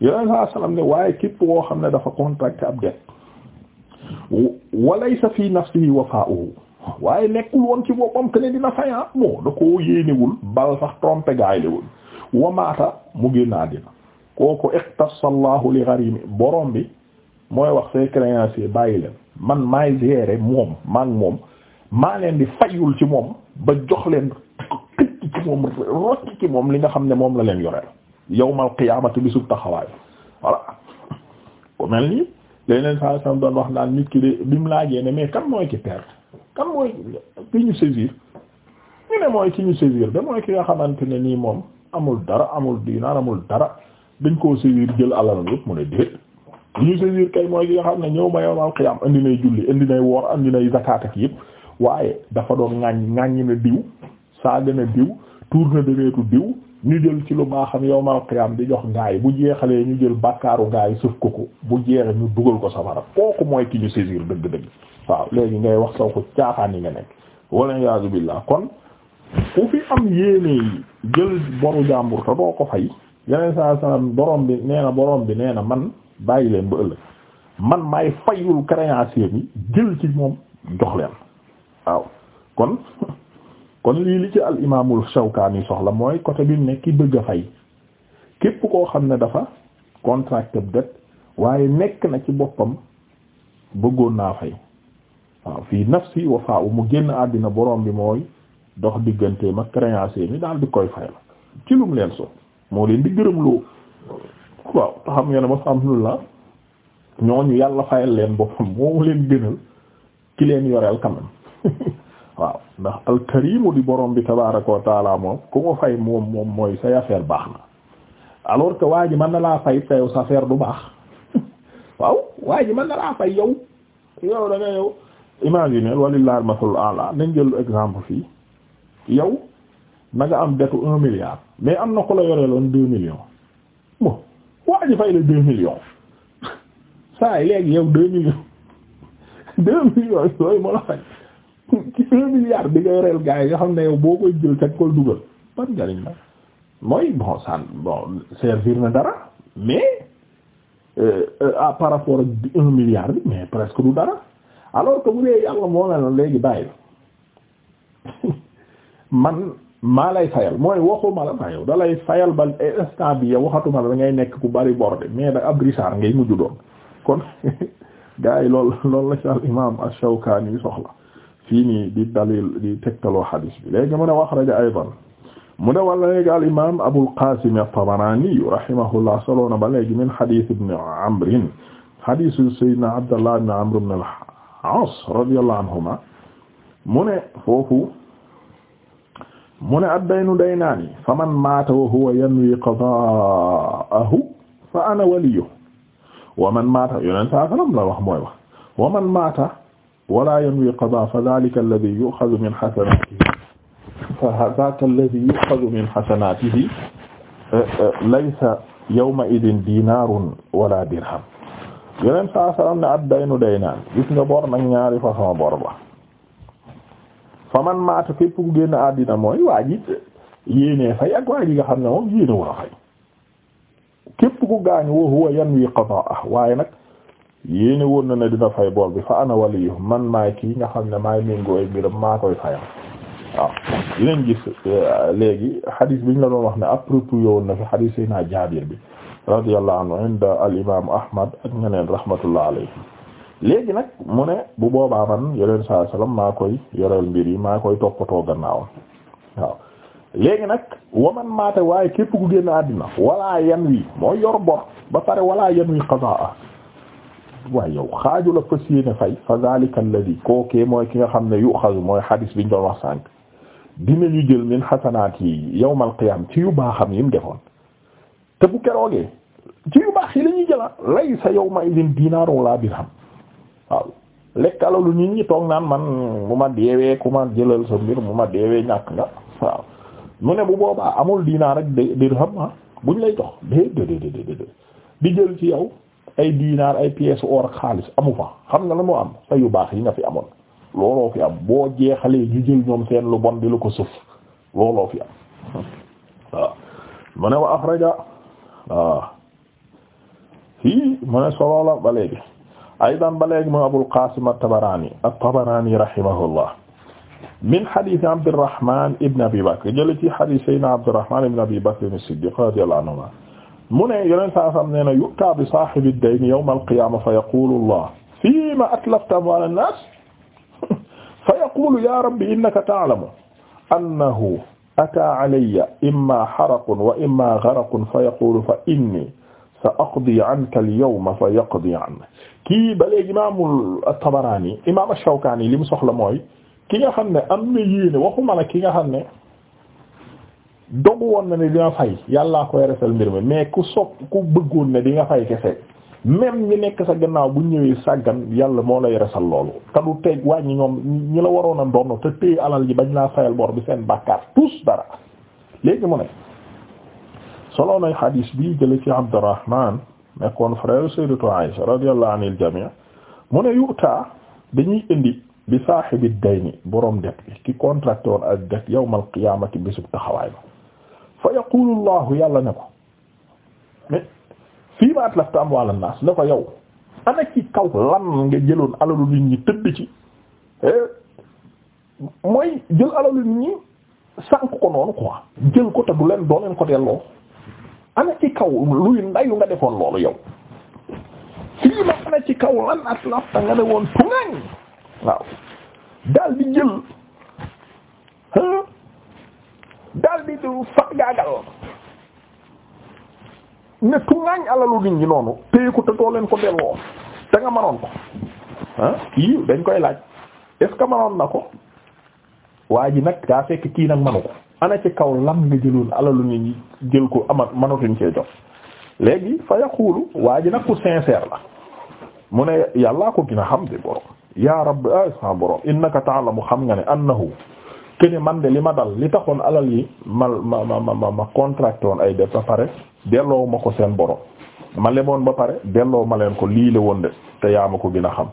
yeneen saa salaam ne waaye képp woo xam ne dafa contracté ab det walaysa fi nafsihi wafa'uhu waaye nekkul woon ci boppam que ne dina fayaa ah, moo da koo yéenewul bal sax trompé gaay lewul wamaata mu génn àddina kooku iqtassa Allahu li gharimi borom bi mooy wax ses créanciers bàyyi leen man maay gérer moom maag moom maa leen di fayul ci moom ba jox leen xëcc ci moom rocc ci moom li nga xam ne moom la leen yoreel yawmal qiyaamati bisub taxawaay voilà ku mel ni leneen saa sam doon wax naan nit ki de bi mu laajee ne mais kan mooy ki perte kan mooy ki ñu saisir ñu ne mooy ki ñu saisir da mooy ki nga xamante ne nii moom amul dara amul diinaar amul dara dañ koo saisir jël alal yëpp mu ne déet li ñu saisir kay mooy ki nga xam ne ñëw ma yawmal qiyaam indi nay julli indi nay woor indi nay zakaat ak yëpp waaye dafa doon ŋàññ ŋàññ na diw saaga na diw tuur na dëreetu diw ñu jël ci lu baaxam yow qiyam di jox yi bu jeexalee ñu jël bàkkaaru gaay sëf ko ko bu jeexee ñu dugal ko safara kooku mooy ki ñu saisir dëgg-dëgg waaw léegi ngay wax saw ko caaxaan yi nga nekk wala yaazu billah kon ku fi am yéene jël boru jàmbur te doo ko fay yeneen saa salaam borom bi nee na borom bi nee na man bàyyi leen ba ëllëg man maay fayul créancier bi jël ci moom jox leen waaw kon kon lii li ci al imaamul Shawkaani soxla mooy côté bi ne ki bëgg a fay képp koo xam ne dafa contracté dette waaye nekk na ci boppam bëggoon naa fay waaw fii nafsi wafaa mu génn àddina borom bi mooy dox diggante ma créancier mi daal di koy fay la ci lum leen so moo leen di gërëm loo waaw te xam ngeen ba alhamdulillah ñooñu yàlla fayal leen boppam moo leen gënal ki leen yoreel quand waaw ndax alkarimu di borom bi tabaraka wa moom ku ko fay moom moom mooy say affaire baax na alors que waa ji mën na laa fay tayow sa affaire du baax waaw waa ji mën na laa fay yow yow da nga yow imagine walillahi al-masalul a'la nañ jël exemple fii yow na nga am detu un milliard mais am na ko la yoreeloon deux millions bon waa ji fay la deux millions saa yi léegi yow deux millions deux millions yooyu moo la fay ci un milliard bi nga yoreel gars yi nga xam ne yow boo koy jël ca koy dugal ban njariñ la mooy bon san bon servir na dara mais euh, euh, par rapport ak un milliard bi mais presque du dara alors que bu dee yàlla moo mel noonu léegi bàyyi man maa lay fayal mooy waxuma la ba yow da ba instant bi yow waxatuma la da nekk ku bari borde mais da ab richard ngay mujju doon kon gars yi lool loolu la ci al imam ash-Shawkani soxla fii nii di dalil di tegtaloo hadis bi léegi mu ne wax raja aydan mu ne wala léegi al imam Abul Qasim at-Tabarani rahimahullah soloona ba léegi min hadis ibn Amr hadisu sayyidina Abdallah ibn Amr ibn al-As radiyallahu anhuma mu ne foofu mu ne ad-daynu daynaani faman maata wa huwa yanwi qada'ahu fa ana waliyyu wa man maata yoneen saa salaam la wax mooy wax wa man maata wala yanwi qadaa fa dhaalika alladhii yu'khadhu min hasanaatihi fa hadhaaka alladhii yu'khadhu min hasanaatihi eh, eh, laysa yawma idin diinaarun wala dirham yeneen saa salaam ne ad-daynu daynaan gis nga bor nag ñaari façon bor ba fa man maata képp ku génn àddina mooy waa ji yéenee fay ak waa ji nga xam ne moom yéene wu la fay képp ku gaañu wa huwa yanwi qadaa'a waaye nag. yéene woon na ne dina fay bool bi fa ana waliyu man maay kii nga xam ne maay méngoo ay mbiram maa koy fayam waaw dinañ gis euh, léegi xadis biñ la doon wax ne approprié woon na fi xadis Seydina Jaabir bi radiyallahu anhu inda al imam Ahmad ak ñeneen rahmatullah alayhi léegi nag mu ne bu boobaa man yoreen saa salaam maa koy yoreel mbir yi maa koy toppatoo gannaawam waaw léegi nag waman maate waaye képp ku génn àddina wala yan wi mooy yor bor ba pare wala waaye yow xaaju la fas yéene fay fa zalika alladhi kookee mooy ki nga xam ne yuxazu mooy xadis biñ doon wax sànq dinañu jël min xasanaat yi yawmal qiyaam ci yu baaxam yi mu defoon te bu keroogee ci yu baax yi la ñuy jëla laysa yawma idin dinaar wala dirham waaw lekk alalu nit ñi toog naan man bu ma deewee ku ma jëlal sa mbir mu ma deewee ñàkk nga waaw mu ne bu boobaa amul dinaar rek dirham ah buñ lay jox dee dee dee dee di jël ci yow. ay diinaar ay pièces or xaalis amu fa xam nga la moo am sa yu baax yi nga fi amoon looloo fi am boo jeexalee ñu jël ñoom seen lu bon di lu ko suuf looloo fi am waaw mu ne wa axraja waaw fii mu ne solo la ba léegi aydan ba léegi mu Abul Qaasim at-Tabaraani at-Tabaraani rahimahullah min xadiis Abdurrahmaan ibn Abi Bakr jële ci xadiis Sayyidina Abdurrahmaan ibn Abi Bakr as-Siddiq radiyallahu anhu mu ne yeneen saa sam nee na yu'taa bi saahibi dayn yawma al-qiyaama fa yaqulu Allah fiima atlafta amwaal an-naas fa yaqulu yaa rabbi innaka ta'lamu annahu ataa alayya immaa haraqun wa immaa gharaqun fa yaqulu fa innii sa aqdi anka al-yawma fa yaqdi anka kii ba léegi imaamul Tabaraani imaam Shawkaani li mu soxla mooy ki nga xam ne am na yéene waxuma la ki nga xam ne. dogu woon na ne dina fay yàllaa ko resal mbir mi mais ku sopp ku bëggoon ne di nga fay kese même ñi nekk sa gannaaw bu ñëwee sàggan yàlla moo lay resal loolu te du teg wàññi ñoom ñi la waroon a doon te téye alal ji bañ laa fayal bor bi seen bàkkaar tous dara léegi mu ne solo nay xadiis bi jële ci Abdurrahman nekkoon frère sayyidatu Aisha radiyallahu anil jami' mu ne yu'ta dañuy indi bi saahibi dayni borom det bi ki contracté woon ak det yawmal qiyaamati bésub taxawaay fa yaqulu yàlla ne ko mais fii ma atlafta amwaal an-naas ne ko yow ana ci kaw lan nga jëloon alalu nit ñi tëdd ci eh, mooy jël alalu nit ñi ko noonu quoi jël ko te du leen doo leen ko delloo ana ci kaw luy ndayu nga defoon loolu yow fii ma ana ci kaw lan atlafta nga ne woon waaw daal di jël daal di fat gaagal ne tuŋaañ alalu nit ñi noonu téye ko te doo leen ko delloo te nga manoon ko ah kii dañ koy laaj est-ce manoon na ko waa ji nag daa fekk kii nag manu ko ana ci kaw lam nga jëloon alalu nit ñi jël ko amat manatuñ cee jox léegi fa yaqulu waa ji nag ku sincère la mu ne yàllaa ko gën a xam de borom yaa rabbi ay sa borom innaka ta'lamu xam nga ne annahu kene man de li ma dal li taxoon alal yi ma ma ma ma ma contracté ay def ba pare delloo ma ko seen borom ma leboon ba pare delloo ma leen ko lii woon de te yaa ma ko gën a xam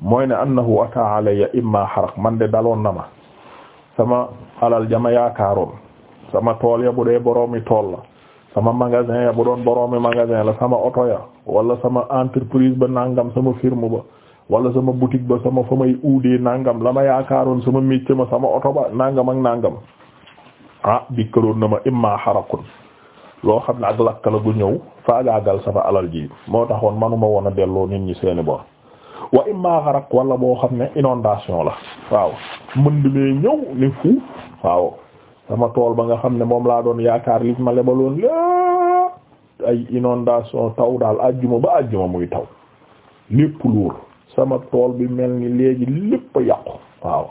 mooy ne annahu ata alayya imma xaraq man de daloon na ma sama alal jama yaakaaroon sama tool ya bu dee boroomi tool la sama magasin ya bu doon boroomi magasin la sama oto ya wala sama entreprise ba nangam sama firme ba wala sama boutique ba sama fa may uudee nangam la ma yaakaaroon sama métier ma sama oto ba nangam ak nangam ah dikkaloon na ma imma xarakun loo xam ne ak lakk la gu ñëw faagaagal sama alal ji moo taxoon manuma woon a delloo nit ñi seeni bor wa imma xarak wala boo xam ne inondation la waaw mënd mee ñëw ni fu waaw sama tool ba nga xam ne moom laa doon yaakaar li ma lebaloon lépp ay inondation taw daal àjjuma ba àjjuma muy taw lépp luur sama tool bi mel ni léegi lépp a yàqu waaw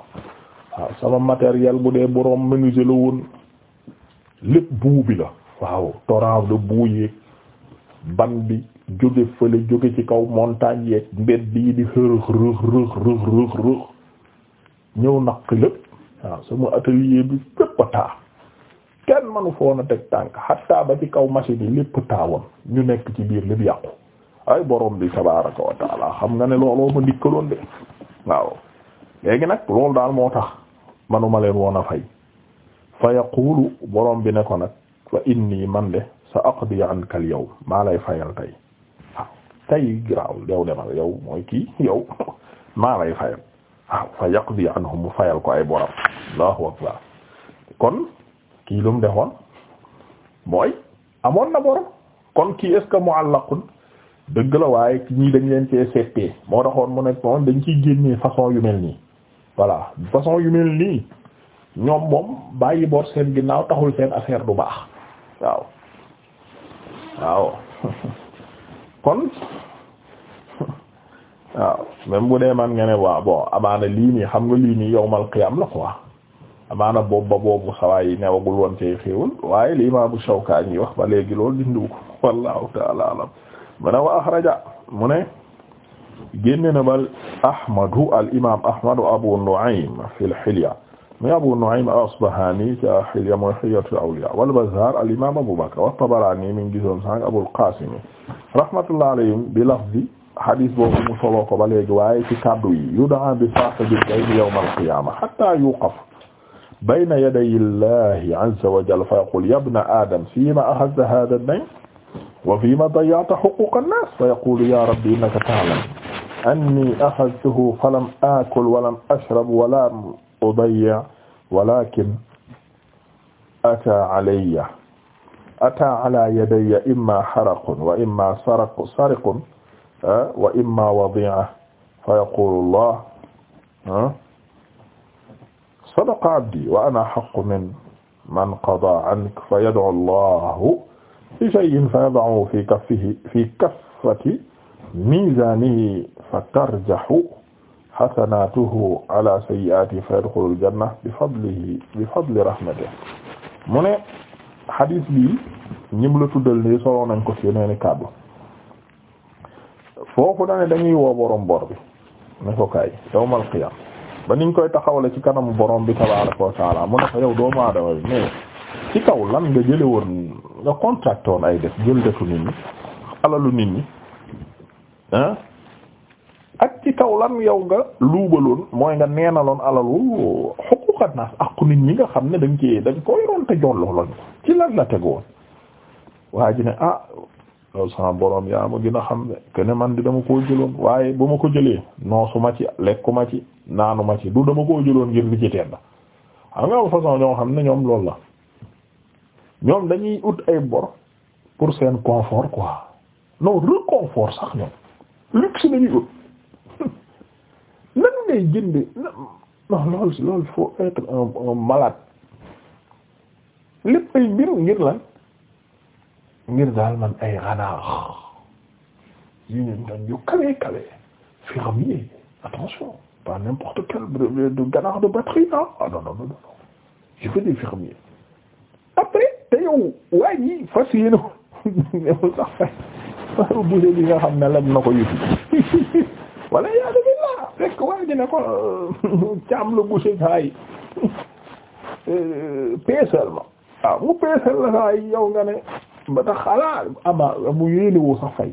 waaw sama matériel bu dee boroom menuisier la woon lépp buu bi la waaw torrent de boue yeeg ban bi jóge fële jóge ci kaw montagne yeeg mbedd yi di xërëx rëx rëx rëx rëx ñëw naq lépp waaw sama atelier bi fépp a taa kenn manu foona teg tànk xattaa ba ci kaw machine yi lépp taawoon ñu nekk ci biir lépp yàqu ay borom bi tabaraka wa xam nga ne looloo ma dikkaloon de waaw léegi nag loolu daal moo tax manuma leen woon a fa yaqulu borom bi ne ko nag fa inni man de sa aqdi anka al yawm maa lay fayal tey tey grawul yow demal yow mooy kii yow maa lay fayal waaw fa yaqdi anhum mu fayal ko ay borom allahu akbar kon kii lu mu defoon mooy amoon na borom kon kii est ce que dëgg la waaye ñii dañ leen cee seetee moo taxoon mu nekk moom dañ ciy génnee façon yu mel nii voilà façon yu mel nii ñoom moom bàyyi boor seen ginaaw taxul seen affaire du baax waaw waaw kon waaw même bu dee man nga ne waa bon amaana lii nii xam nga lii nii yowmal qiyam la quoi amaana boobu ba boobu sawaay yi newagul woon cee xéewul waaye li imaamu Shawkaani wax ba léegi loolu dindiw ko wallahu ta'ala mana wa akhraja mu ne génne na bal ahmadu al imam ahmadu abu nu'aym fi al hilya muy abu nu'aym al-asbahani ci hilya mooy hilyatu awliya wal bazzar al imam abu bakr wa tabarani min gisoon sang abul qasim rahmatullah alayhim bi lafzi hadis boobu mu solo ko ba léegi waaye ci kaddu yi yud'a bi sahibil kayd yawm al-qiyama hatta yuqaf bayna yaday illahi azza wa jalla fa yaqul ya ibna adam fima akhadhta hadha ad-dayn wa fiima dayya'ta huquuqa an-naas fa yaqulu ya rabbi innaka ta'lam anni akhadhtuhu falam akul walam ashrab walam udayyi' walakin ataa alayya ataa ala yadayya imma haraqun wa imma saraqun sariqun wa imma wadi'a fa yaqulu Allah sadaqa abdi wa ana ahaqqu min man qadaa 'anka fa yad'u Allah fi shay'in fa yad'u fi kaffihi fi kaffati mizanihi fa tarjahu hasanatuhu ala sayyi'atihi fa yadkhulul janna bi fadlihi mu ne hadis bi ñim la tuddal ni solo nañ ko ci yeneen kàddu foofu dane dañuy woo borom bor bi ne ko kaay yawmal qiyaam ba niñ koy taxawale ci kanamu borom bi tabaaraka wa ta'aala mu ne ko yow doomu aadama bi mais ci kaw lan nga jële woon nga contracté woon ay def jël defu nit ñi alalu nit ñi ak ci kaw lan yow nga luubaloon mooy nga neenaloon alalu xuquqan naas aqu nit ñi nga xam ne dañ ci dañ ko yoroon te jolloo lañ ci lan la teg woon waa ji ne ah loolu sama borom yaa ma gën a xam ne que ne man di dama koo jëloon waaye bu ma ko jëlee noosu ma ci lekku ma ci naanu ma ci du dama koo jëloon ngir li ci a xam nga façon ñoo xam ne ñoom loolu la ñoom dañuy ut ay bor pour seen confort quoi non réconfort sax ñoom luxe dañuy ut nan ngay jënd non loolu être un un malade ay mbir ngir lan ngir daal man ay xanaa yu ñu doon yu kawe kawe fermier attention pas n'importe quel de ganaar de batterie ah non non non non je veux des après te yow waaye ji fas yéene newul sax fay waaru buse bi nga xam ne leb na ko yëfi wala yaa dëgg laa fekk waaye ji ne ko caam la buse saay euh, peesal ma waaw ah, mu peesal la saay yow nga ne ba tax xalaat ama mu yéene woo sax fay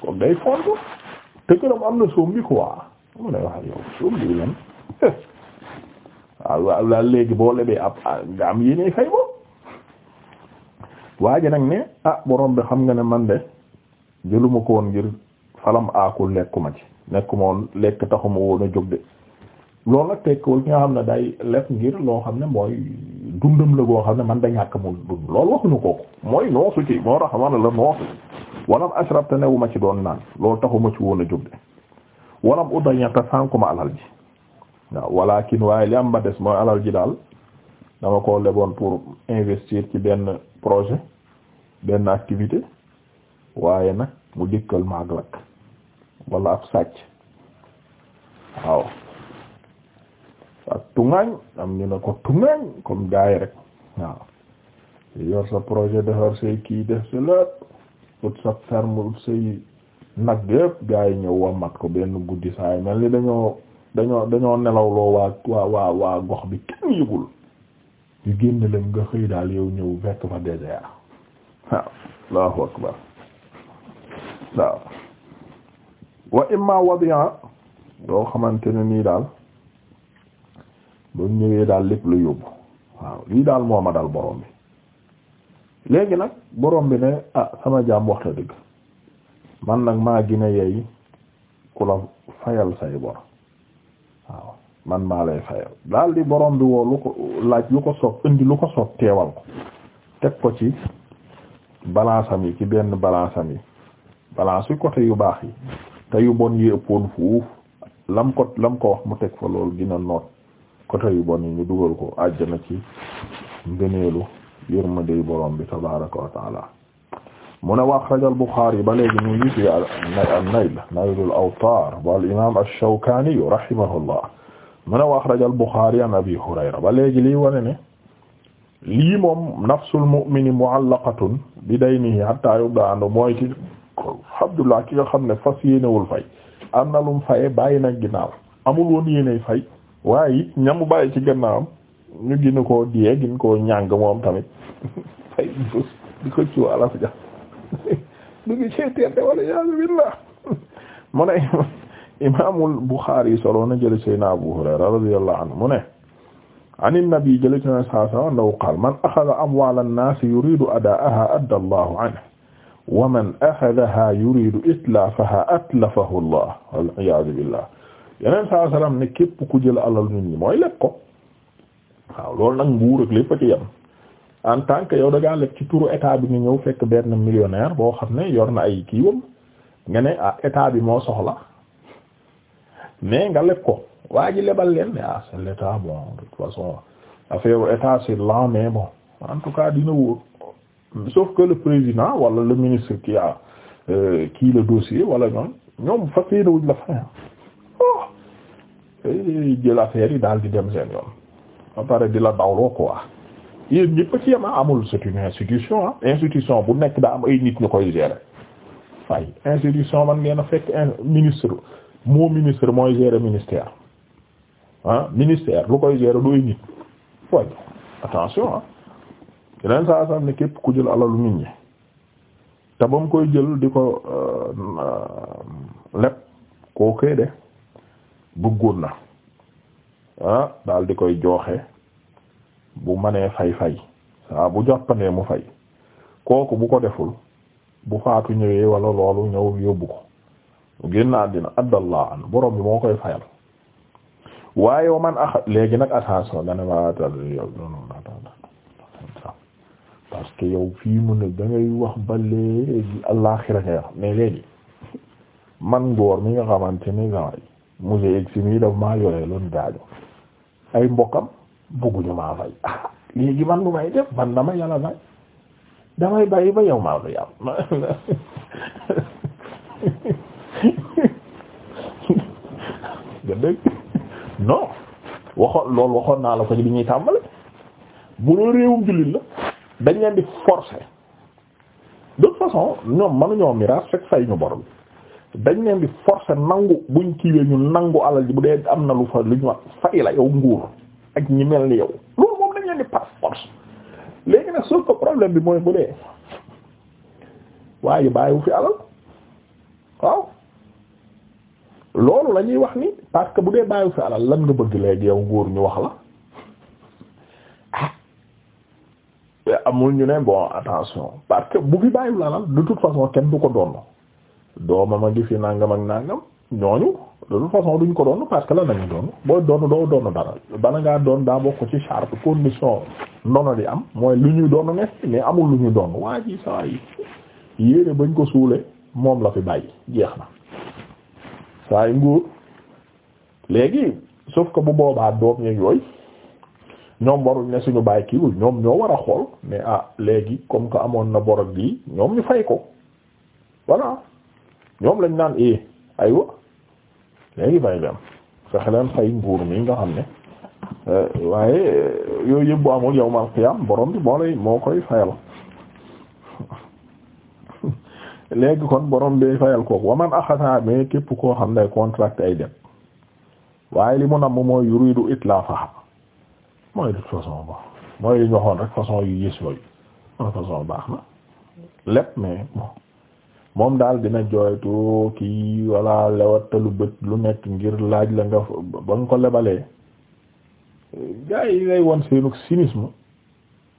kon day font te këram am na soom bi quoi mu ne waaw yow soom bi lan waaw waaw léegi boo lebee ab ah, nga am yéene fay boobu waa ji nag ne ah borom bi xam nga ne man de jëluma ko woon ngir falam aakul lekkuma ci nekkuma woon lekk taxuma woon a jóg de loolu nag tekkiwul ki nga xam ne day ngir loo xam ne mooy dundam la goo xam ne man da ñàkk mu dund mooy noosu ci la noosu walam ashrab te newuma ci doon naan lool taxuma ci woon a jóg de walam udañata sànkuma alal ji waaw walakin waaye li am ba mooy alal ji daal dama ko leboon pour investir ci benn projet benn activité waaye nag mu dékkal ma ak lakk wala ab sàcc waaw ak tungaañ am ñu ne ko tungaañ comme gaay rek waaw yor sa projet defar say kii def sa lépp ut sa ferme say nag yëpp gars yi ñëw mat ko benn guddi saa mel ni dañoo dañoo dañoo nelawloo waa waa waa gox bi kenn yëgul ñu génn leen nga xëy daal yow ñëw fekk fa désert waaw allahu akbar waaw wa imma wadi'a doo xamante ne nii daal ba ñëwee daal lépp lu yóbbu waaw lii daal moo ma dal borom bi léegi nag borom bi ne ah sama jaam waxta dëgg man nag maa gina yey ku la fayal say bor man maa lay fayal daal di borom bi woo lu ko laaj lu ko sopp indi lu ko sopp teewal ko teg ko ci balaasam yi ci benn balaasam yi balaas yu yu baax yi te yu bon yi ëppoon fuuf lam ko lam ko wax mu teg fa loolu dina noot côté yu bon yi ñu dugal ko àjjana ci ngëneelu yërmandey borom bi tabaaraka wa taala mu ne wa axraja al-Buxaari ba léegi mu ngi ci an-Nayl Naylul Awtaar wal imaam ash-Shawkaani rahimahullah mën a wax axraja al-Buxaari an ba léegi lii wane ne lii moom nafsul mu'mini mu'allaqatun bi daynihi hatta yubda anhu mooy ki Abdullah ki nga xam ne fas yéenewul fay am na lum faye bàyyi nag ginnaaw amul woon yéeney fay waaye it ñamu bàyyi ci gannaawam ñu gin koo diyee gën koo ñàng moom tamit fay di ko ci wala fa jax du ngi seeteete wala yaa billah mu ne imaamul Buxaari solo na jële Seydina Abu Hurayra radiyallahu anhu mu ne anin nabi jële ci na saa saa annahu qaal man axada amwaala nnaasi yuridu adaa'ahaa adda allahu anhu wa man axadahaa yuridu itlaafahaa atlafahu llah wal iyaadu billah yeneen saa salaam ne képp ku jël alal nit ñi mooy leb ko waaw loolu nag nguur ak lépp a ci yem en tant que yow da ngaa leb ci turu état bi nga ñëw fekk benn millionnaire boo xam ne yor na ay kiiwam nga ne ah état bi moo soxla. mais nga leb ko waa ji lebal leen mais ah c'est l'état bon de toute façon affaire état c'est lent mais bon en dina wóor sauf que le président wala le ministre qui a kii euh, le dossier wala ñoom ñoom fas yéene wuñ la fay oh jël affaire yi daal di dem seen yoon ba di la dawloo quoi yéen ñëpp ci yema ah, amul c'est institution institution bu nekk daa am ay nit ñu koy gérer waaye institution man ngeen a fekk ministre. moo ministre mooy gérer ministère ah lu koy gérer dooy nit waaye attention ah saa saa ne képp ku jël alalu nit ñi te koy jël di ko euh, leb koo de bëggoon na ah daal di koy jooxe bu manee fay fay saa bu jàppandee mu fay kooku bu ko deful bu faatu ñëwee wala loolu ñëw yóbbu ko génn àddina addallah an borom bi moo koy fayal waaye wa man axa léegi nag attention nga ne ma attention yow non non attention parce que yow fii mu ne da ngay wax ba léegi àllaxira nga wax mais léegi man góor mi nga xamante ni saa yi musée egg si mii daf maa yore loon ay mbokkam bëgguñu maa fay ah man lu may def man damay bàyyi ba yow maa ngi dëgg non waxoon loolu waxoon naa la ko ci bi ñuy tàmbali bu dee réewum jullit la dañ leen di forcer de toute façon ñoom mënuñoo miraas fekk fay ñu bor bi dañ leen di forcer nangu buñ kiiwee ñu nangu alal ji bu dee am na lu fa lu ñu wax fay la yow nguur ak ñi mel ni yow loolu moom dañ leen di passe force léegi nag sauf que problème bi mooy bu dee waaye bàyyiwu fi alal waaw. loolu la ñuy wax ni parce que bu dee bàyyi sa alal lan nga bëgg léegi yow góor ñu wax la ah eh, amul ñu ne bon attention parce que bu fi bàyyiwul alal de toute façon kenn du ko doon doomam a ngi fi nangam ak nangam ñooñu de toute façon duñ ko doon parce que lan lañu doon boo doon doo doon dara bala ngaa doon daa bokk ci charte condition ndono di am mooy lu ñuy doon ne mais amul lu ñuy doon waa ji saa yi bañ ko suule moom la fi bàyyi jeex na. saa yu nguur léegi sauf ko bu boobaa doom yeeg yooyu ñoom waruñ ne suñu bàyyi kiiwul ñoom ñoo war a xool ne ah léegi comme que amoon na borog bii ñoom ñu fay ko voilà ñoom lañ naan ay eh, aywa léegi fay leen fexe fay nguur mi nga xam ne eh, waaye eh, yooyu yëpp bu amul yawmal qiyaam borom bi moo lay moo koy fayal. léegi kon borom bi fayal kooku wa man axasa mais képp koo xam ne contract ay def waaye li mu namm mooy yuridu itlaafaha mooy de façon ba mooy li ñu rek façon yu gis yooyu baax na lépp mais moom daal dina jooytu kii walla lewat lu bët lu nekk ngir laaj la nga ba nga ko lebalee gaa yi lay won seenug cynisme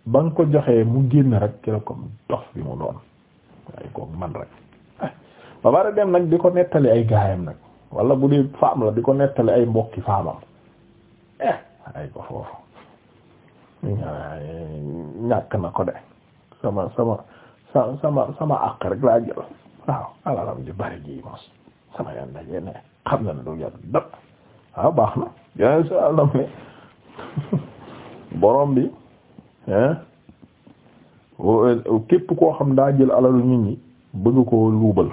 ba nga ko joxee mu génn rek ki la comme dof bi mu doon waaye kooku man rek ba bari dem nag di ko nettali ay gaayam nag wala bu dee faam la di ko nettali ay mbokki faamam eh ay ko foofu ñàkk na ko de sama sama sama sama rek laa jël waaw alalam di bari ji sama yan dajee ne xam na ne du jot dëpp waaw baax na yeneen borom bi hein eh? Euh, képp koo xam daa jël alalu nit ñi bëgg koo luubal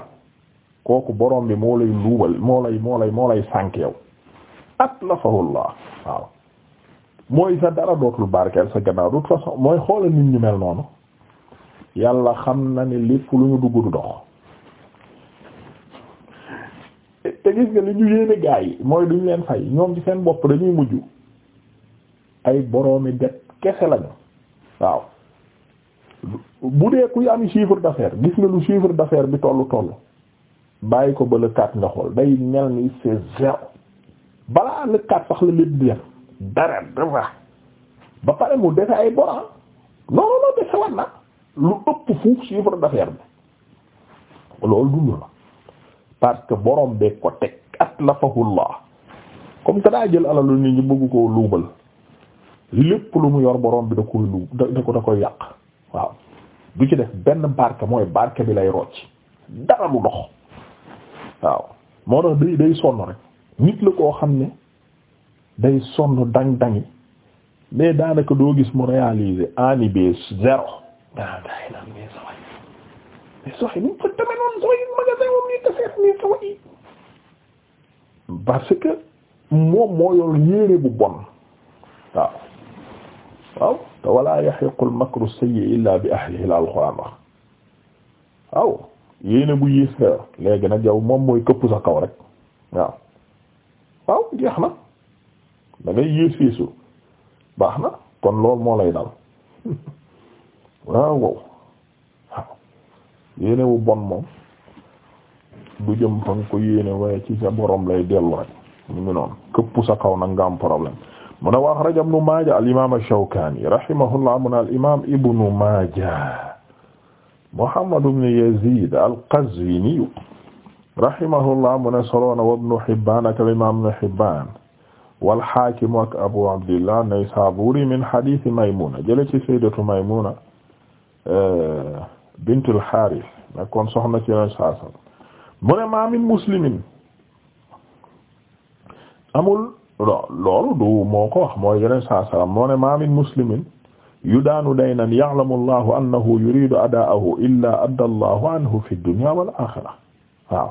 kooku borom bi moo lay luubal moo lay moo lay moo lay sànk yow atlafahullah waaw mooy sa dara dootul barkeel sa gannaaw de toute façon mooy xoolal nit ñu mel noonu yàlla xam na ni lépp lu ñu dugg du dox te gis nga li ñu yéene gaa yi mooy duñ leen fay ñoom ci seen bopp dañuy mujj ay boroomi det kese lañu waaw bu dee kuy am chiffre d'affaires gis nga lu chiffre d'affaires bi tollu tollu bàyyi ko ba le nga xool day mel ni c'est zéro balaa le quatre sax la lépp di ba pare mu defe ay boran ah. non non defe war na lu ëpp fuuf chiffre d'affaires bi loolu dund la parce que borom bee ko teg atlafahullah comme que daa jël alalu nit ñi bëgg koo luubal lépp lu mu yor borom bi da koy luub da ko da koy yàq waaw du ci def benn barke mooy barke bi lay rocc dara du dox waaw moo tax day day sonn rek nit la koo xam ne day sonn dang-dangi mais daanaka doo gis mu réaliser ani bi zéro ah, parce que moom moo yor yéene bu bon waaw waaw te wala yahiqul makru sayyi illa wax waaw yéene bu yées nga léegi nag jaw moom mooy këpp sa kaw rek waaw jeex na da ngay yées yéesu baax na kon loolu moo lay dal waaw wow waaw yéene bu bon moom du jëm fa nga ko yéene waaye ci sa boroom lay dellu rek ñu ngi noonu këpp sa kaw nag nga am problème mu ne wa axraja ibnu Maaja al-imaam ash-Shawkaani rahimahullah mu ne al-imaam ibnu Maaja Muhammad ibn Yaziid al-Qazwiini rahimahullah mu ne soloona wa ibnu Hibbaan ak al-imaam ibnu Hibbaan wal Haakim ak Abu Abdillah an-Naysaabuuri min hadiisi Maymuna jële ci sayyidatu Maymuna eh, bintul Haaris nekkoon soxna ci Yonent sallallahu alayhi wa sallam mu ne maa min muslimin amul loolu du moo ko wax mooy yeneen saa salaam moo ne maa min muslimin yudaanu daynan ya'lamu allahu annahu yuridu adaa'ahu illa adda allahu anhu fi dunya wal axira waaw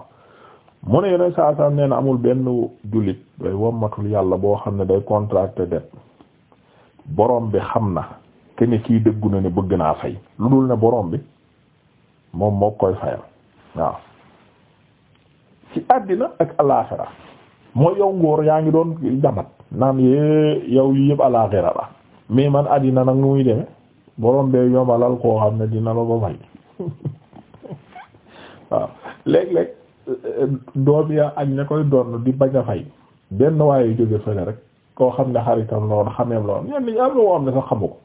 mu ne yeneen saa salaam nee na amul benn jullit day wommatul yàlla boo xam ne day contracté det borom bi xam na ke ne kii dëggu na ne bëgg naa fay lu dul ne borom bi moom moo koy fayal waaw ci àddina alaaxira mooy yow ngóor yaa ngi doon jabat naan yee yow yi yëpp alaaxira la mais man àddina nag nu muy deme borom bee yombalal koo xam ne dina la ko fay waaw léeg-léeg euh, ak ña koy doon di bañ a fay benn waaye jóge fële rek koo xam ne xaritam loolu xameem loolu ñenn ñi am na woo xam ne sax xamu ko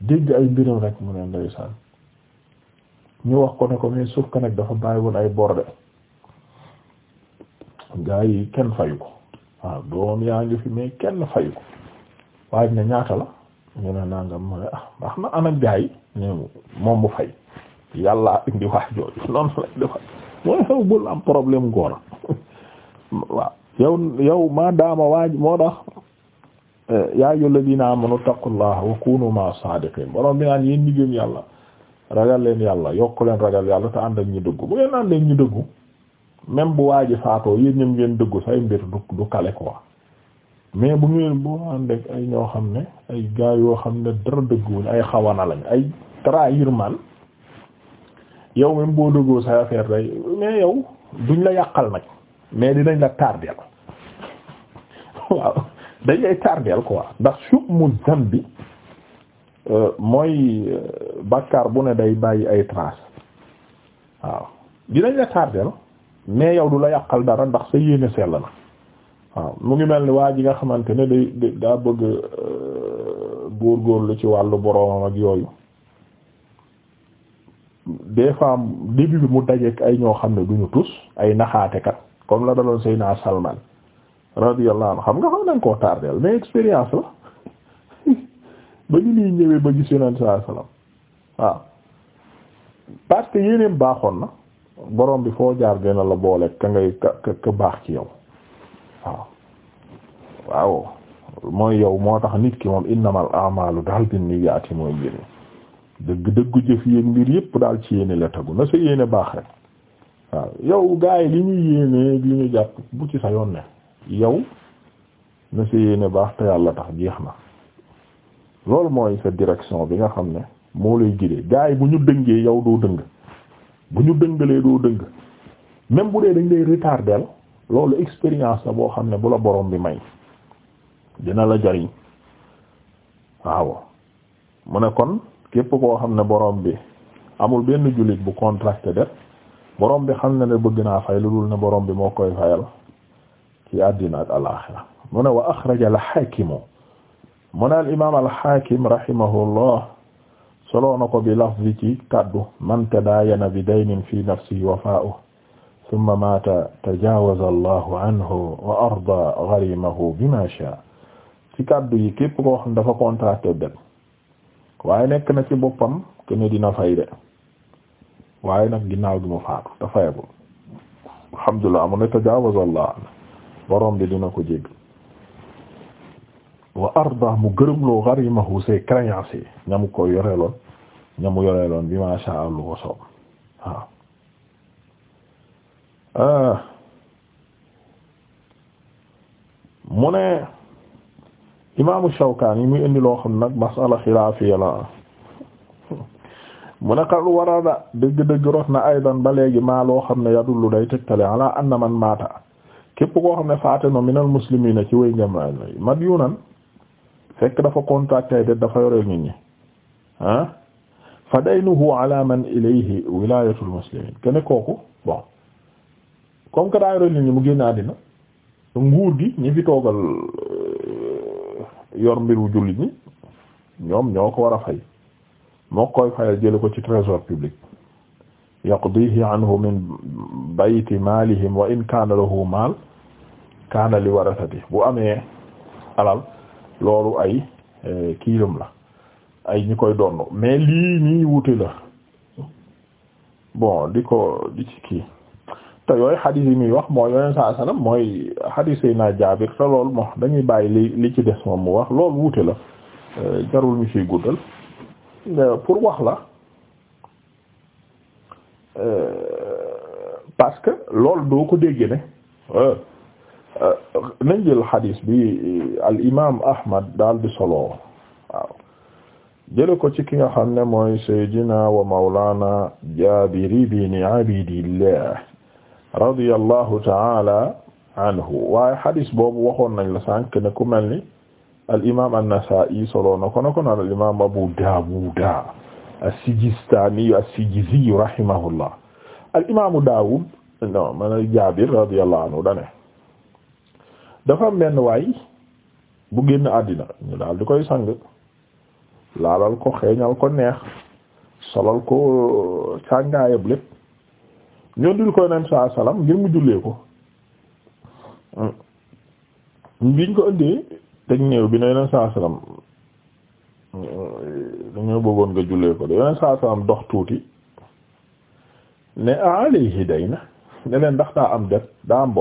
dégg ay mbiram rek mu ne ndeysaan ñu wax ko ne ko mais suuf ka nag dafa bàyyi woon ay borde gaa yi kenn fayu ko waaw doom yaa ngi fi mais kenn fayu ko waaye na ñaata la ñu ne nangam mu ne ah baax na ana gaa yi ñu moom mu fay yàlla indi waa jooju noonu bul am problème góor waaw yow yow daama waaj moo tax eh, yaa ayyuhal ladina amanu taqullaha wa kunu ma sadiqin borom bi naan yéen ñi yàlla ragal leen yàlla yokk leen ragal yàlla te ànd ak ñu dëggu bu ngeen ànd ak ñu dëggu même bu waaji faatoo yéen ñoom ngeen dëggu say mbir du kale quoi mais bu ngeen boo ànd ay ñoo xam ne ay gaa yoo xam ne dara dëgguwuñ ay xawana lañ ay trahir man yow même boo dëggoo say affaire day mais yow duñ la yàqal nag mais dinañ la tardeel waaw dañ lay tardeel quoi ndax suub mu zam bi euh, mooy euh, bàkkaar bu ne day bàyyi ay traces waaw dinañ la tardeel mais yow du la yàqal dara ndax sa yéene sell na waaw mu ngi mel ni waa ji nga xamante ne day daa bëgg euh, góorgóorlu ci wàllu boroomam ak yooyu des fois début bi mu ay ñoo xam ne duñu tus ay naxaatekat comme la daloon Seydina Salman radiyallahu xam nga xam nañ koo tardeel mais expérience la ba ñu nii ñëwee ba gis Yonent sallallahu alayhi wasallam waaw parce que yéeneem baaxoon na borom bi foo jaar dina la boole ka ngay ka ka baax ci yow waaw waaw mooy yow moo tax nit ki moom innamal a'malu daal binniyaati mooy yéene dëgg dëggu jëf yéen mbir yépp daal ci yéene la tagu na sa yéene baax rek waaw yow gaay li ñu yéene li ñu jàpp bu ci sa yoon ne yow na sa yéene baax te yàlla tax jeex na loolu mooy sa direction bi nga xam ne moo lay guider gaay bu ñu dëngee yow doo dëng bu ñu dëngalee doo dëng même bu dee dañ lay retardel loolu expérience la boo xam ne bu la borom bi may dina la jariñ waaw mu ne kon képp koo xam ne boroom bi amul benn jullit bu contracté def borom bi xam ne ne bëgg naa fay lu dul ne borom bi moo koy fayal ci àddina alaaxira mu ne wa axraja al mu ne al imaam al xaakim solo na ko bi lafzi ci kaddu man tadaayana bi daynin fi nafsihi wafaa'uhu thumma maata tajaawaza allahu wa arda gharimahu bima shaa ci kàddu yi képp koo xam dafa contracté det waaye nekk na ci boppam ke dina fay de waaye nag ginnaaw gi mu faatu te fayagul alhamdulillah mu ne tajaawaza allah borom bi dina ko jégg wa arda mu gërëm garimahu ses créances yi ñamu ko yoreeloon ñamu yoreeloon bi ma sha Allah ko soob waaw ah. mu ne imaamu Shawkaani muy indi loo xam nag masala xilaafiya la mu ne qad warada dëgg-dëgg rot na aydan ba léegi maa loo xam ne yadullu day tegtale ala anna man maata képp koo xam ne faate no minal muslimiina ci wéy ngam raay madyunan fekk dafa contracté ay det dafa yoreel nit ñi ah fa daynuhu ala man ilayhi wilayatul kene kooku bon comme que daa yoreel nit ñi mu génn àddina nguur gi ñi fi toogal euh, yor mbiru jullit ñi ñoom ñoo ko war a moo koy fayal jële ko ci trésor public yaqdihi anhu min bayti maalihim wa in kaana lahu maal kaana li warasati bu amee alal loolu ay kii eh, kiiram la ay ñi koy donn mais lii nii wuti la bon di ko di ci kii te yooy xadis yi muy wax mooy yoneen saa sallam mooy xadis yi naa jaabir te loolu mo dañuy bàyyi li li ci des moom mu wax loolu wute la eh, jarul ñu ciy guddal pour wax la eh, parce que loolu doo ko dégg ne Euh, nañ jël xadiis bi al imaam Ahmad daal di solo waaw jële ko ci ki nga xam ne mooy saydina wa mawlaana Jaabir ibn Abdillah radiyallahu ta'ala anhu waaye xadiis boobu waxoon nañ la sànq ne ku mel ni al imaam an-Nasaa'i solo na ko na ko naan al imaam Abu Daawuud as-Sijistaani as-Sijizi rahimahullah al imaamu Daawuud non man Jaabir radiyallahu anhu dane dafa am benn waay bu génn àddina ñu daal di koy sang laalal ko xeeñal ko neex solal ko euh, càngaayab lépp ñoo dul koy nañ saa salaam ngir mu jullee ko hmm. biñ ko indee teg néew bi ne nañ saa salaam dañoo bëggoon nga jullee ko de yeneen saa salaam dox tuuti ne alayhi day na ne leen ndax daa am def daa am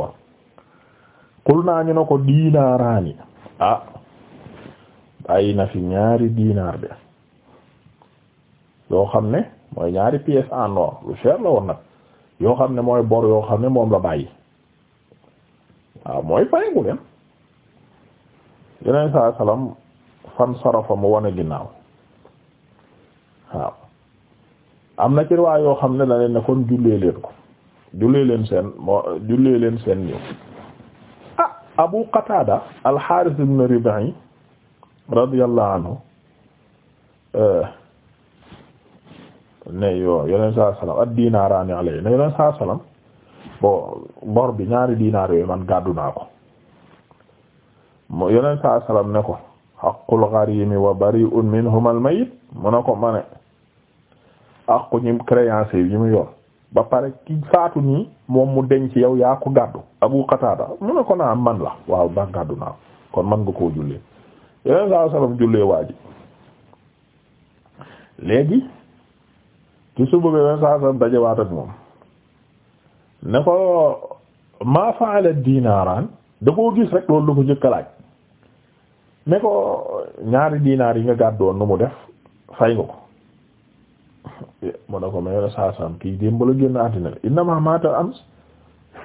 xul naa ñu ne ko diinaaraani ah bàyyi na fi ñaari diinaar de yoo xam ne mooy ñaari pièces en or lu cher la woon nag yoo xam ne mooy bor yoo xam ne moom la bàyyi waaw ah, mooy fayengu leen yeneen saa salaam fan sarafa mu wane ginnaaw waaw am na ci riwaay yoo xam ne da leen ne kon jullee leen ko jullee leen seen moo jullee leen seen ñëw Abu Qatada al-Harith ibn Rib'i radiyallahu anhu eh, ne yoo yeneen saa salaam ak dinaaraani alay ne yeneen saa salaam bon bor bi ñaari dinaar yooyu man gàddu naa ko yeneen saa salaam ne ko haqqul gharimi wa bari'un minhum al mu ne ko ma ne aqu ñi yi mu yor ba pare ki faatu nii moom mu denc yow yaa ko gàddu Abu Qatada mu ne ko naa man la waaw daa gàddu naa kon man nga koo jullee yeneen saa sallam jullee waa ji léegi ci suba bi yeneen saa sallam dajewaat ak moom ne ko maa faala da koo gis rek loolu la ko jëkk laaj ne ko ñaari diinaar yi nga gàddoon nu mu def fay nga ko mu ne ko mais saa saam kii démb la génn àddina innama maata am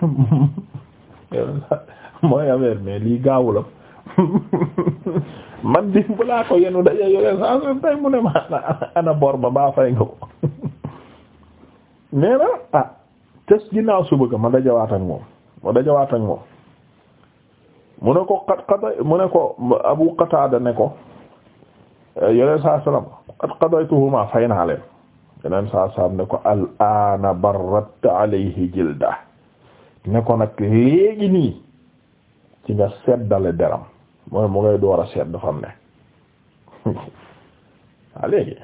mooy affaire mais lii gaawu man démb laa ko yenu daje yore saa tey mu ne ma ana bor ba baa fay nga ko nee na ah te ginnaaw suba ka ma dajawaat ak moom ma dajawaat ak moom mu ne ko qad qada mu ne ko Abu Qatada ne ko eh, yore saa salaam qad qadaytuhuma fay yeneen saa saam ne ko al aana barrat alayhi jilda ne ko nag léegi nii ci nga seddale deram mooy mu ngay door a sedd fam ne waa léegi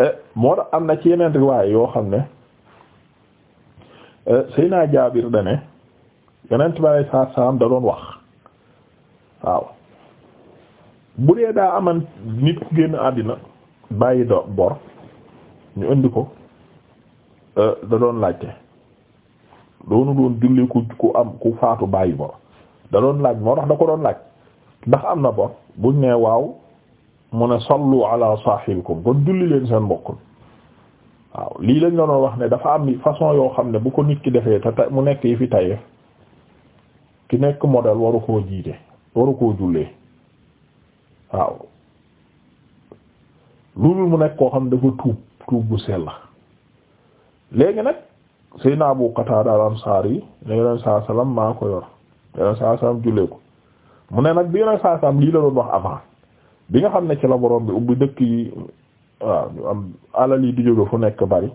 eh, moo tax am na ci yeneen riwaay yoo xam ne eh, Seyna Jaabir dane yeneen bale saa saam da doon wax waaw bu daa aman nit ku génn àddina bàyyi do bor ñu indi ko euh, da doon laajte doonu doon julli ku ku am ku faatu bàyyi bor da doon laaj moo tax da ko doon laaj ndax am na bor buñ ne waaw mu ne sallu ala sahibikum kon julli leen seen mbokk waaw lii lañ la doon wax ne dafa am façon yoo xam ne bu ko nit ki defee te mu nekk yi fi tayeef ki nekk modèle waru koo jiite waru koo jullee waaw loolu mu nekk koo xam ne dafa tuub tuub bu sell léegi nag Seydina Abu Qatada al-Ansari ne Yonent saa salaam maa ko yor Yonent saa jullee ko mu ne nag bi Yonent saa lii la doon wax avant bi nga xam ne ci la borom bi ubbi dëkk yi waaw am alal yi di jóge fu nekk bari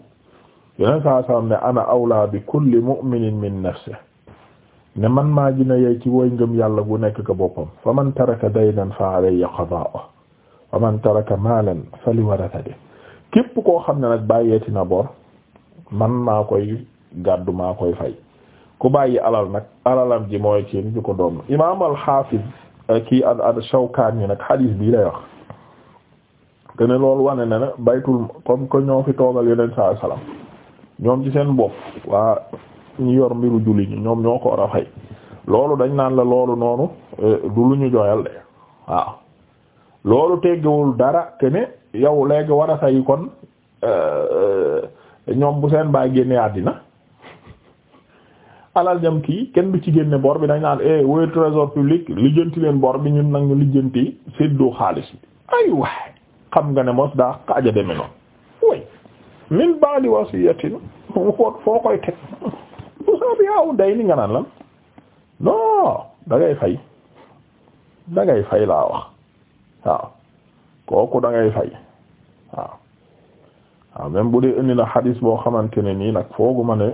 Yonent saa salaam ne ana awlaa bi kulli mu'minin min nafsihi ne man maa gina yey ci woy ngëm yàlla gu nekk ka boppam fa man taraka daynan fa alayhi qadaa'uhu wa man taraka maalan fa li warasatihi képp koo xam ne nag bàyyeeti na bor man maa koy gàddu maa koy fay ku bàyyi alal nag alalam ji mooy ci ñu ko doom imaam al-Hafiz eh, kii al al yi nag hadith bii lay wax te ne loolu wane na ne baytul comme que ñoo fi toogal yeneen saa salaam ñoom ci seen bopp waa yor mbiru julli ñi ñoom ñoo ko war a fay loolu dañ naan la loolu noonu eh, du lu ñu joyal de waaw loolu teggewul dara que yow léegi a yi kon euh, euh, ñoom bu seen baay génne àddina alal jam kii kenn du ci génne bor bi dañ naan eh woy trésor public lijjanti leen boor bi ñun nag ñu lijjanti séddoo xaalis bi ay waay xam nga ne mos daa xaaja deme noonu way min ba'di wasiyatin foo koy teg bu saabi aw day ni nga naan lan non da fay dangay fay laa wax waaw kooku da ngay fay waaw waaw même bu dee indi na xadis boo xamante ne nii nag foogu ma ne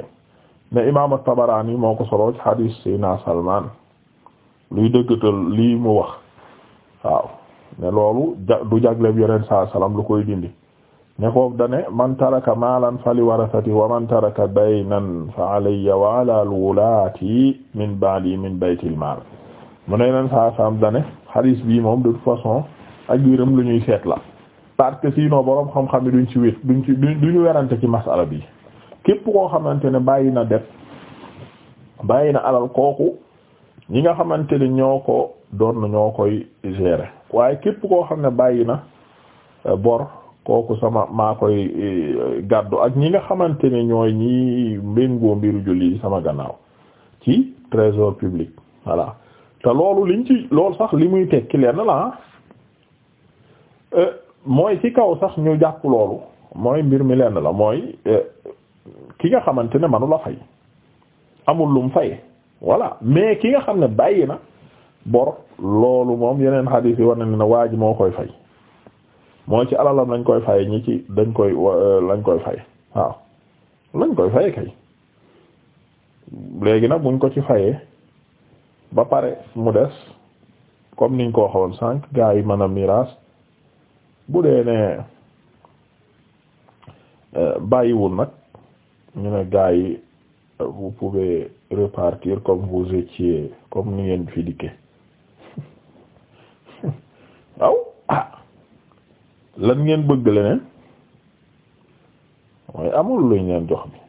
ne imaam tabarani moo ko solo ci xadis Seyna Salman luy dëggatal lii mu wax waaw ne loolu ja du jagleb yeneen saa salaam lu koy dindi ne foofu da ne man taraka maalan fali warasati wa man taraka daynan fa alayya wa ala wulaati min ba'di min baytil maal mu ne yeneen saa salaam da ne moom de toute façon. ak yërëm lu ñuy seet la parce que sinon boroom xam-xam yi duñ ci wét duñ ci duñu werante ci masala bi képp koo xamante ne bàyyi na det bàyyi na alal kooku ñi nga xamante ne ñoo ko doon ñoo koy gérer waaye képp koo xam ne bàyyi na euh, bor kooku sama maa koy euh, gàddu ak ñi nga xamante ne ñooy ñi mbéngoo mbiru julli sama gannaaw ci trésor public voilà te loolu liñ ci loolu sax li muy tekki lenn la Euh, mooy ci kaw sax ñu jàpp loolu mooy mbir mi lenn la mooy euh, ki nga xamante ne manu la fay amul lum fay voilà mais ki nga xam ne bàyyi na bor loolu moom yeneen xadiis yi war na ne waa ji moo koy fay mooy ci alalam lañ koy fay ñi ci dañ koy euh, lañ koy fay waaw lañ koy fay kay léegi nag muñ ko ci fayee ba pare mu des comme niñ ko waxoon sànq gaa yi mën a miraas bu dee ne euh, bàyyiwul nag ñu ne gars yi euh, vous pouvez repartir comme vous étiez comme ni ngeen fi dikkee waaw ah lan ngeen bëgg leneen mooy amul luñ leen jox bi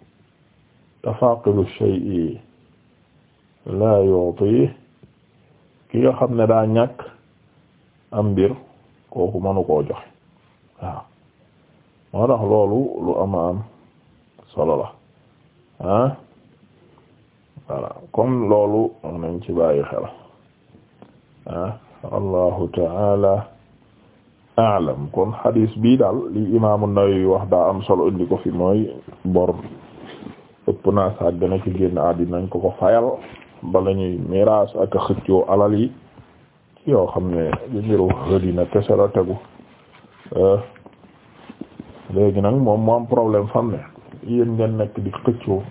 tafaqidu shay'i la yu'ti ki nga xam ne daa ñàkk am mbir kooku mënu koo joxe waaw moo tax loolu lu ama am solo la ah voilà comme loolu nañ ci bàyyi xel ah allahu taala a'lam kon hadis bii li imam an wax daa am solo indi ko fi mooy bor ëpp naa sax dana ci génn àddina nañ ko ko fayal bala miraas ak xëccoo alal yoo xam ne di mbiru hëdina kese la euh, nag moom mu am problème fam ne yéen ngeen nekk di xëccoo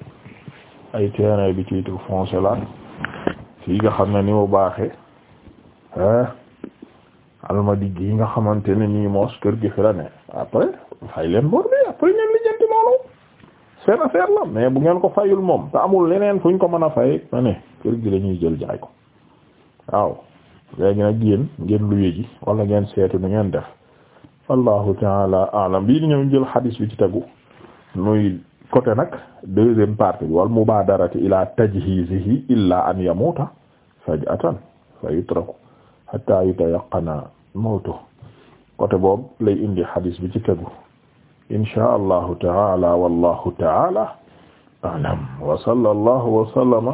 ay terrain bi ci titre foncier la fii nga xam ne ni mu baaxee almadi gi nga xamante ne nii moos kër gi fi la ne après fay leen bor bi après ngeen li jënti loolu seen affaire la mais bu ngeen ko fayul moom te amul leneen fu ñu ko mën a fay na ne kër gi la ñuy jël jaay ko waaw léegi nag yéen ngeen luye ji wala ngeen seetu ni ngeen def wallahu taala alam bii di ñëw jël xadiis bi ci tegu muy côté nag deuxième partie bi wal mubaadarati ila tajhizihi illa an yamuuta faj'atan fa yutraku hatta yutayaqana mawtu côté boobu lay indi xadiis bi ci tegu insha allahu taala wallahu taala alam wa sallallahu wa sallama